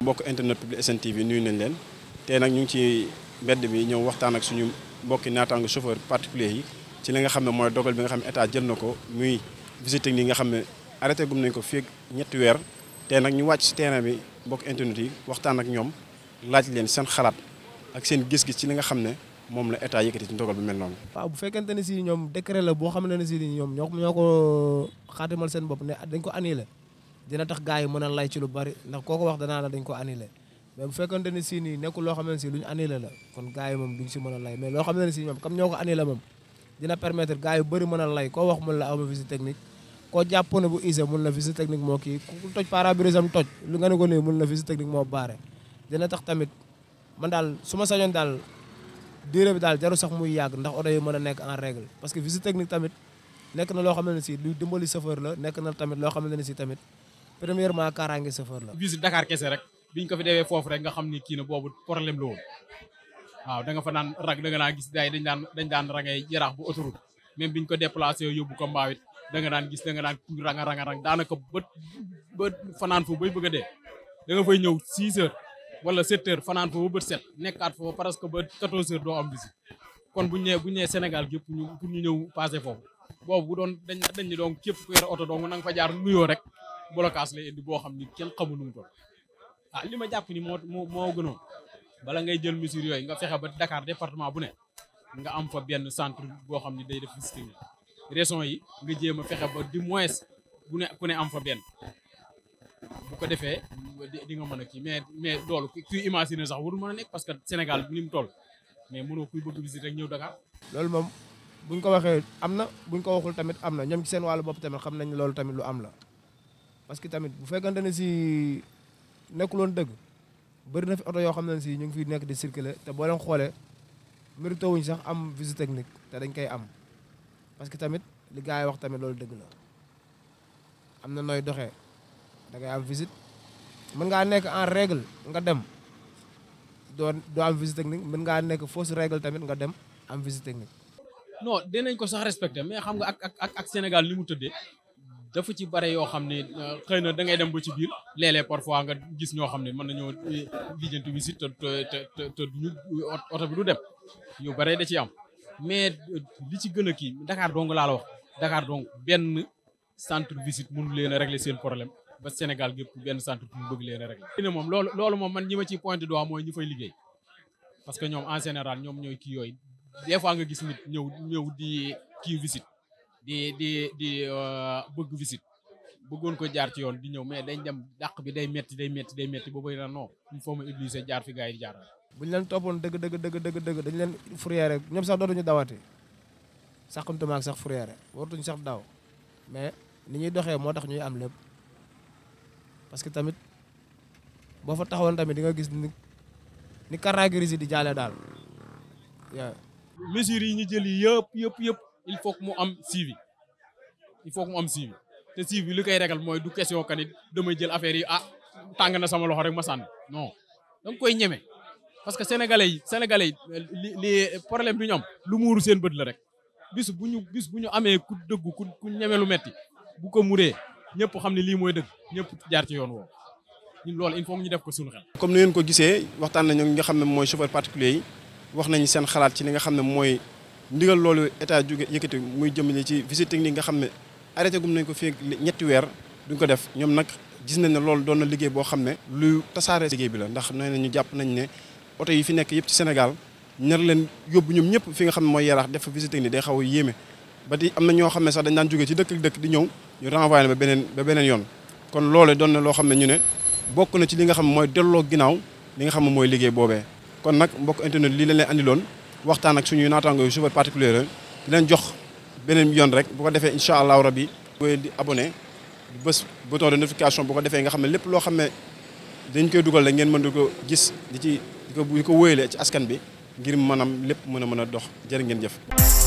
mbokk internet public SN TV nuyu nañ leen te nag ñu ngi ci mbedd bi ñëw waxtaan ak suñu mbokki naataango chauffeur particulier yi ci li nga xam ne mooy dogal bi nga xam ne état jël na ko muy visite yi nga xam ne arrêté gum nañ ko fii ñetti weer tey nag ñu wàcc terrain bi mbokk internet yi waxtaan ak ñoom laaj leen seen xalaat ak seen gis-gis ci li nga xam ne moom la état yëkkati ci ndogal bu mel noonu. waaw bu fekkente ne si ñoom décret la boo xam ne si ñoom ñoo ko ñoo ko xaatimal seen bopp ne dañ ko annulé dina tax gars yi mën a lay ci lu bari ndax koo ko wax danaa la dañ ko annulé mais bu fekkante ne si nii nekkul loo xam ne si lu ñu annulé la kon gars yi moom duñ si mën a lay mais loo xam ne si na comme ñoo ko annulé moom dina permettre gars yu bëri mën a lay koo wax mun la awma visite technique koo jàppoon ne bu ise mun la visite technique moo kii ku toj parabrisam toj lu nga ne ko nii mun la visite technique tax tamit man daal su ma sañoon daal durée bi daal jaru sax muy yàgg ndax oto yi a nekk en règle parce que visite technique tamit nekk na loo xam ne si luy dimbali chauffeur la nekk na tamit loo xam ne si tamit premièrement kaaraange chauffeur la. visite Dakar kese rek biñ ko fi defee foofu rek nga xam ni kii na boobu problème la woon waaw da fanaan fa rag da nga daan gis gars dañ daan dañ daan rangay yaraax bu autoroute mais biñ ko déplacé yóbbu ko mbaaw da nga daan gis da nga daan ranga ranga rang daanaka ba ba fanaan foofu bay bëgg a dee da nga ñëw 6 heures wala 7 heures fanaan foofu ba bët set nekkaat foofu presque ba 14 heures do am visite kon buñ nee buñ nee Sénégal gépp ñu pour ñu ñëw passé foofu boobu doon dañ dañ doon képp ku oto dong na nga fa jaar nuyoo rek blocage lay indi bo xamni kenn xamul ñu ko ah lima japp ni mo mo gëno bala ngay jël mesure yoy nga fexé ba Dakar département bu ne nga am fa ben centre bo xamni ni day def visiting raison yi nga jëma fexé ba du moins bu ne ku ne am fa ben bu ko défé di nga mëna ki kii mais mais loolu kuy imaginer sax warul mëna nek parce que Sénégal ni mu toll mais mëno kuy bëgg visite rek ñëw Dakar. lool mom buñ ko waxé amna buñ ko waxul tamit amna na ci seen walu bop tamit xam nañ tamit lu am la. parce que tamit bu fekkante ne si loon dëgg bëri na fi oto yoo xam ne si ñu ngi fi nekk di circuler te boo leen xoolee mérité wuñ sax am visite technique te dañ koy am parce que tamit li gars yi wax tamit loolu dëgg la am na nooy doxe da ngay am visit mën ngaa nekk en règle nga dem doo doo am visite technique mën ngaa nekk fausse règle tamit nga dem am visite technique. non dinañ ko sax respecté mais xam nga ak ak Sénégal li mu tëddee. dafa ci bare yoo xam ne euh, xëy na da ngay dem ba ci biir léeg-léeg parfois nga gis ñoo xam ne mën nañoo euh, lijjanti visite te te te duñu oto bi du dem yu bare da ciy am mais euh, li ci gën a kii Dakar dong laa la wax Dakar dong benn centre visite mënu leen a régler seen problème ba Sénégal gépp benn centre pour bëgg leen a moom loolu loolu moom man ñi ma ci pointe du mooy ñi fay liggéey parce que ñoom en général ñoom ñooy kii yooyu des nga gis nit ñëw ñëw di kii visite. di di di uh, bëgg visite bëggoon ko jaar ci yoon di ñëw mais dañ dem dàq bi day metti day metti day metti boobu na noo il faut ma utiliser jaar fi gars yi jaar buñ leen toppoon dëgg dëgg dëgg dëgg dëgg dañ leen fourrière ñoom sax dootuñu dawati saxumtumaak sax fourrière wartuñ sax daw mais ni ñuy doxee moo tax ñu am lépp parce que tamit boo fa taxawoon tamit di nga gis ni ni caractérise di jaale daal. mesures yi ñu jël yi yëpp yëpp il faut que mu am suivi il faut que mu am suivi te suivi li koy régal mooy du question que ni jël affaire yi ah tàng sama loxo rek ma je non da koy ñeme parce que sénégalais yi sénégalais yi li problème bi ñoom lu muuru seen bët la rek bis bu bis bu ñu ku dëggu ku ku lu metti bu ko muree ñëpp ne lii mooy ñëpp jaar ci yoon woo ñun loolu il faut ñu def ko suñu xel. comme ni ngeen ko gisee waxtaan nañu nga xam ne chauffeur particulier wax nañu seen xalaat ci li nga ne ndigal loolu état jóge yëkkati muy jëmale ci visite technique nga xam ne arrêté gum nañ ko fii ñetti weer duñ ko def ñoom nag gis nañ ne loolu doon na liggéey boo xam ne luy tasaare liggéey bi la ndax nee ñu jàpp nañ ne oto yi fi nekk yëpp ci Sénégal ñar leen yóbbu ñoom ñëpp fi nga xam ne mooy yaraax def fa visite technique day xaw a yéeme ba di am na ñoo xam ne sax dañ daan jógee ci dëkk ak dëkk di ñëw ñu renvoyé ba beneen ba beneen yoon kon loole doon na loo xam ne ñu ne bokk na ci li nga xam mooy delloo ginnaaw li nga xam ne mooy boobee kon nag mbokk internet lii la leen andiloon waxtaan ak suñuy naataangoo chauffeur particulier di leen jox beneen yoon rek bu ko defee incha allahu rabi ngeen di abonné bés bouton de notification bu ko defee nga xam ne lépp loo xam ne dañ koy dugal rek ngeen mën di ko gis di ci di ko di ko wóyale ci askan bi ngir maanaam lépp mën a mën a dox jërë ngeen jëf